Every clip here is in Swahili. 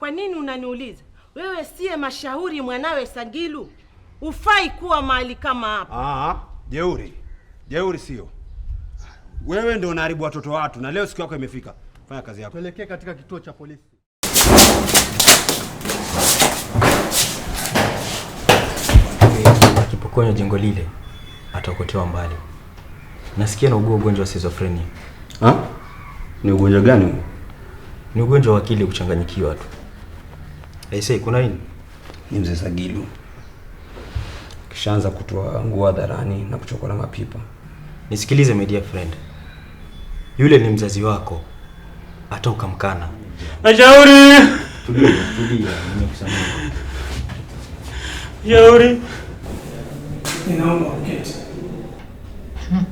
Kwa nini unaniuliza? Wewe siye mashauri mwanawe Sagilu, ufai kuwa mahali kama hapa. Aha, jeuri jeuri, sio wewe ndio unaharibu watoto watu, na leo siku yako imefika. Fanya kazi yako, tuelekee katika kituo cha polisi. Akipokonywa jengo lile ataokotewa mbali. Nasikia naugua ugonjwa wa schizophrenia. Ah, ni ugonjwa gani? Ni ugonjwa wa akili kuchanganyikiwa tu. Eh, Aisee, kuna nini? Ni mzee Sagilu kishaanza kutoa nguo hadharani na kuchokora mapipa. Nisikilize my dear friend, yule ni mzazi wako, hata ukamkana. Nashauri shauri, ninaomba uketi. Hmm.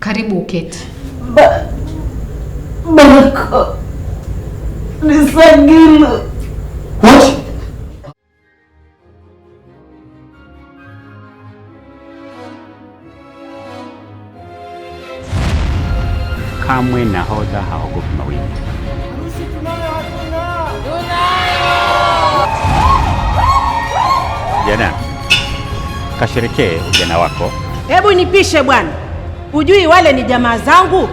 Karibu uketi. Baraka ni nahodha haogopi mawimbi. Jana kasherekee ujana wako. Hebu nipishe bwana, ujui wale ni jamaa zangu.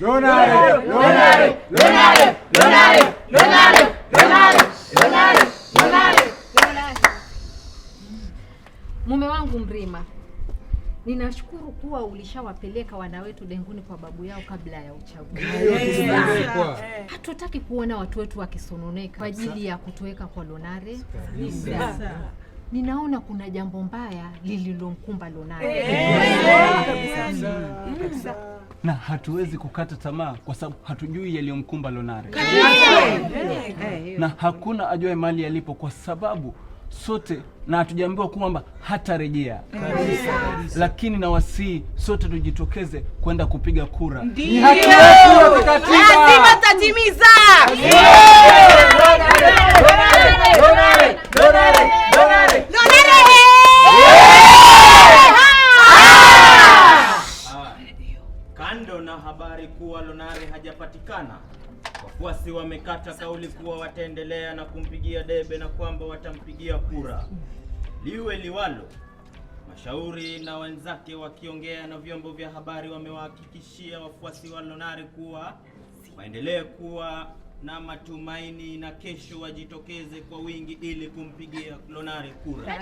Mume wangu Mrima, ninashukuru kuwa ulishawapeleka wana wetu denguni kwa babu yao kabla ya uchaguzi. Hatutaki kuona watu wetu wakisononeka kwa ajili ya kutoweka kwa Lonare. Ninaona kuna jambo mbaya lililomkumba Lonare na hatuwezi kukata tamaa kwa sababu hatujui yaliyomkumba Lonare na hakuna ajue mali yalipo kwa sababu sote na hatujaambiwa kwamba hatarejea lakini na wasii sote tujitokeze kwenda kupiga kura. lonari Lonare hajapatikana, wafuasi wamekata kauli kuwa wataendelea na kumpigia debe na kwamba watampigia kura liwe liwalo. Mashauri na wenzake wakiongea na vyombo vya habari wamewahakikishia wafuasi wa Lonare kuwa waendelee kuwa na matumaini na kesho wajitokeze kwa wingi ili kumpigia Lonare kura.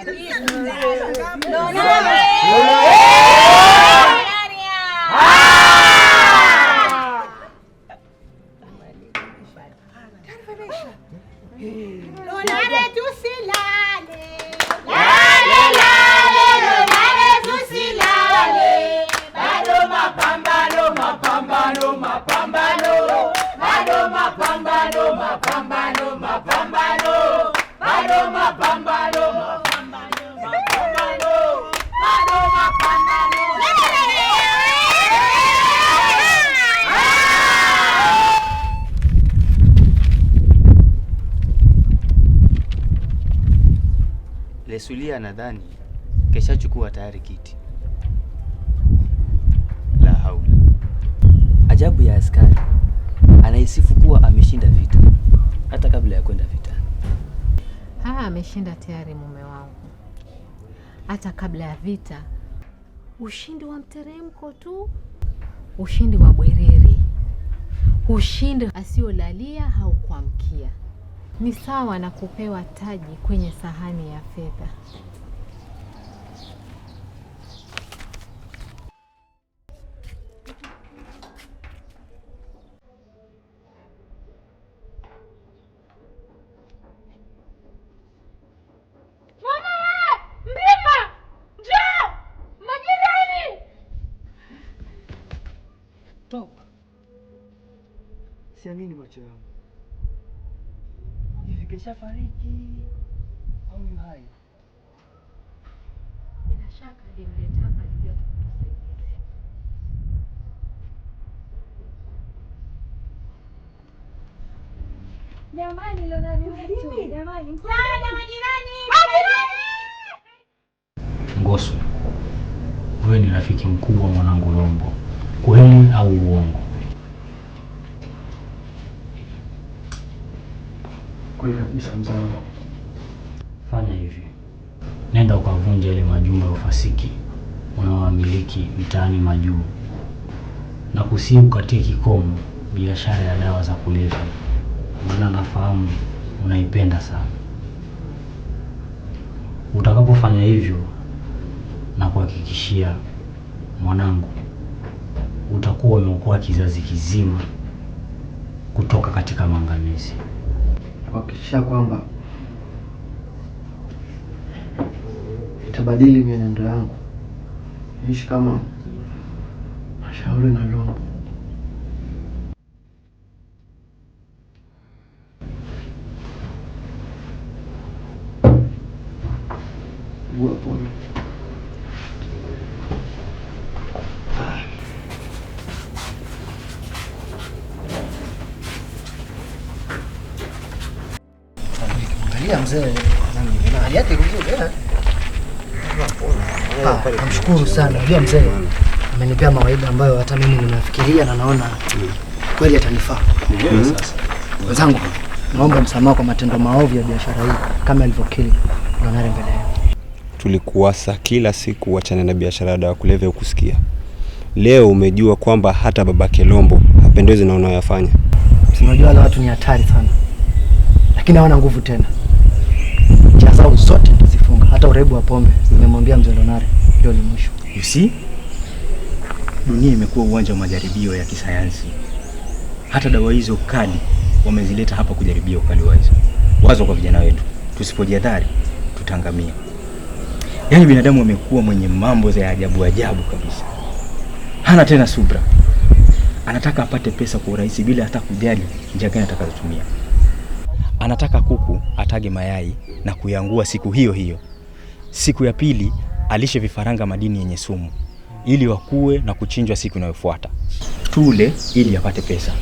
bado mapambano, bado mapambano. Lesulia nadhani keshachukua tayari kiti la haula. Ajabu ya askari anaisifu kuwa ameshinda vita hata kabla ya kwenda vita. Ah, ameshinda tayari mume wangu, hata kabla ya vita. Ushindi wa mteremko tu, ushindi wa bwereri, ushindi asiolalia kuamkia Ni sawa na kupewa taji kwenye sahani ya fedha. Siamini macho yangu. Hivi keshafariki au yu hai? Bila shaka alimleta hapa alijua atakusaidia. Jamani, leo nani wetu? Jamani, msaada majirani. Ngoso, wewe ni rafiki mkubwa mwanangu Lombo, kweli au uongo? bila kabisa mzao. Fanya hivi, nenda ukavunja ile majumba ya ufasiki unaowamiliki mitaani majuu, na kusii ukatie kikomo biashara ya dawa za kulevya, maana nafahamu unaipenda sana. Utakapofanya hivyo, na kuhakikishia mwanangu, utakuwa umeokoa kizazi kizima kutoka katika maangamizi kuhakikisha kwamba itabadili mienendo yangu niishi kama mashauri na roho. hapa. Ah, namshukuru sana. Unajua mzee amenipea mawaidha ambayo hata mimi nimefikiria na naona kweli atanifaa. Wenzangu, naomba msamaha kwa matendo maovu ya biashara hii kama alivyokiri Donare mbele yao. Tulikuasa kila siku wachane na biashara ya dawa kulevya, ukusikia? Leo umejua kwamba hata baba Kelombo hapendezi na unayoyafanya. Unajua watu ni hatari sana, lakini hawana nguvu tena, njia zao zote nimefunga hata urebu wa pombe. Nimemwambia mzee Lonare ndio ni mwisho. You see? Dunia imekuwa uwanja wa majaribio ya kisayansi. Hata dawa hizo kali wamezileta hapa kujaribia ukali wazo. Wazo kwa vijana wetu, tusipojiadhari tutangamia Yaani binadamu amekuwa mwenye mambo za ajabu ajabu kabisa, hana tena subra, anataka apate pesa kwa urahisi bila hata kujali njia gani atakazotumia anataka kuku atage mayai na kuyangua siku hiyo hiyo. Siku ya pili alishe vifaranga madini yenye sumu ili wakue na kuchinjwa siku inayofuata. Tule ili apate pesa.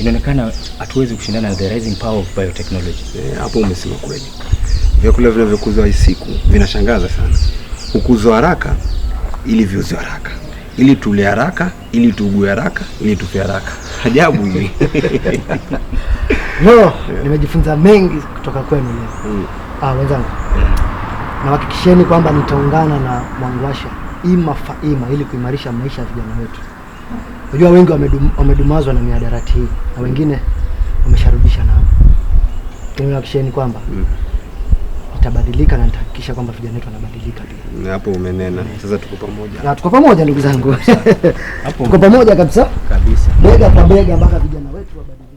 Inaonekana hatuwezi kushindana na the rising power of biotechnology. Eh, hapo eh, umesema kweli. Vyakula vinavyokuzwa hii siku vinashangaza sana, hukuzwa haraka ili viuzwe haraka ili tule haraka ili tuugue haraka ili tufe haraka. Ajabu hii leo yeah. Nimejifunza mengi kutoka kwenu leo mm. Ah, wenzangu yeah. Mm. Nawahakikisheni kwamba nitaungana na Mwangwasha ima faima ili kuimarisha maisha ya vijana wetu. Unajua wengi wamedumazwa na miadarati hii na wengine wamesharudisha nao. Tunahakikisheni kwamba mm. nitabadilika na nitahakikisha kwamba vijana wetu wanabadilika pia. Hapo umenena. Sasa tuko pamoja. Na tuko pamoja ndugu zangu. Hapo tuko pamoja kabisa. Kabisa. Bega kwa bega mpaka vijana wetu wabadilike.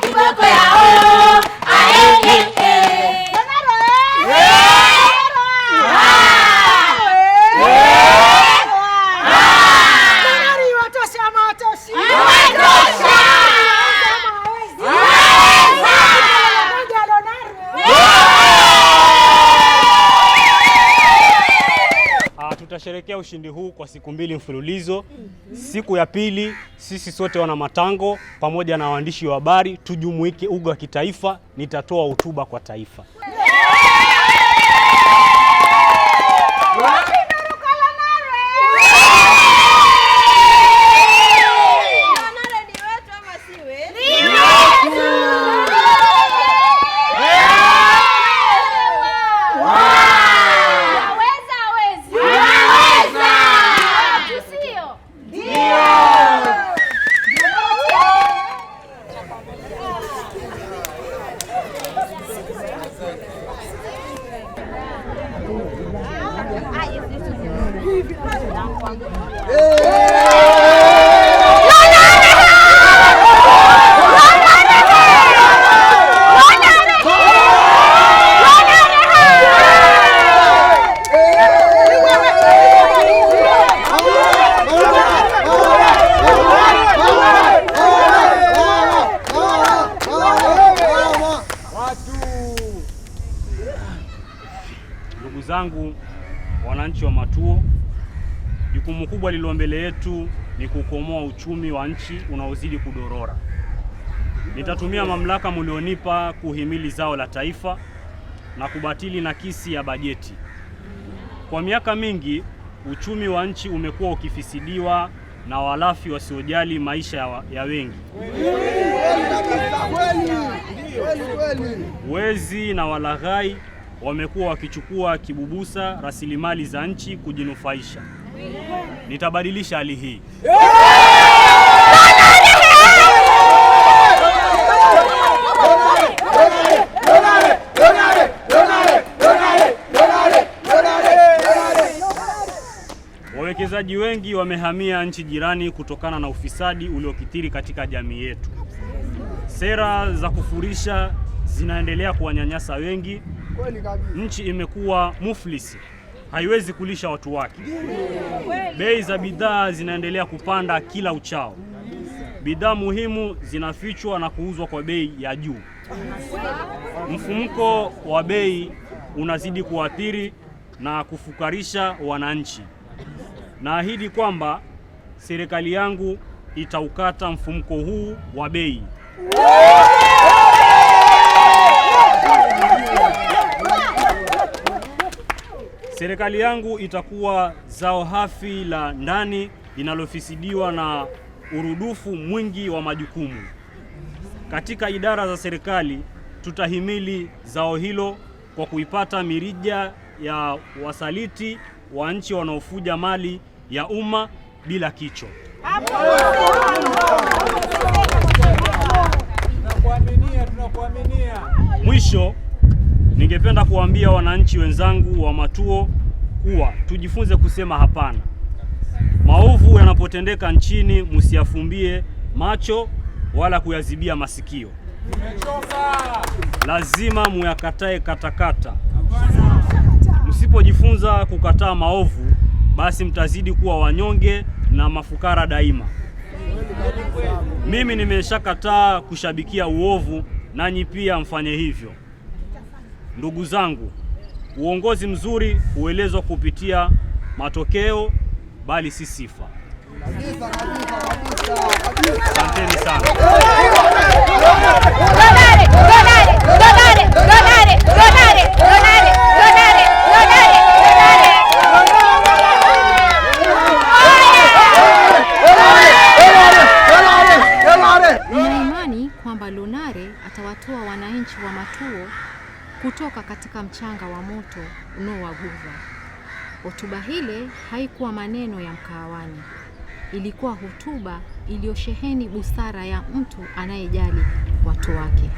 kiboko ya kusherekea ushindi huu kwa siku mbili mfululizo. Siku ya pili sisi sote wana matango pamoja na waandishi wa habari tujumuike uga wa kitaifa, nitatoa hotuba kwa taifa. wananchi unaozidi kudorora. Nitatumia mamlaka mulionipa kuhimili zao la taifa na kubatili nakisi ya bajeti. Kwa miaka mingi uchumi wa nchi umekuwa ukifisidiwa na walafi wasiojali maisha ya, ya wengi. Wezi na walaghai wamekuwa wakichukua kibubusa rasilimali za nchi kujinufaisha. Nitabadilisha hali hii. wawekezaji wengi wamehamia nchi jirani kutokana na ufisadi uliokithiri katika jamii yetu. Sera za kufurisha zinaendelea kuwanyanyasa wengi. Nchi imekuwa muflisi, haiwezi kulisha watu wake. Bei za bidhaa zinaendelea kupanda kila uchao. Bidhaa muhimu zinafichwa na kuuzwa kwa bei ya juu. Mfumuko wa bei unazidi kuathiri na kufukarisha wananchi. Naahidi kwamba serikali yangu itaukata mfumko huu wa bei. Serikali yangu itakuwa zao hafi la ndani linalofisidiwa na urudufu mwingi wa majukumu. Katika idara za serikali, tutahimili zao hilo kwa kuipata mirija ya wasaliti wa nchi wanaofuja mali ya umma bila kicho. Mwisho, ningependa kuambia wananchi wenzangu wa Matuo kuwa tujifunze kusema hapana. Maovu yanapotendeka nchini, msiyafumbie macho wala kuyazibia masikio. Lazima muyakatae katakata. Msipojifunza kukataa maovu, basi mtazidi kuwa wanyonge na mafukara daima. Mimi nimeshakataa kushabikia uovu, nanyi pia mfanye hivyo. Ndugu zangu, uongozi mzuri huelezwa kupitia matokeo, bali si sifa. Asanteni sana. kutoka katika mchanga wa moto unaowaguza. Hotuba hile haikuwa maneno ya mkahawani, ilikuwa hotuba iliyosheheni busara ya mtu anayejali watu wake.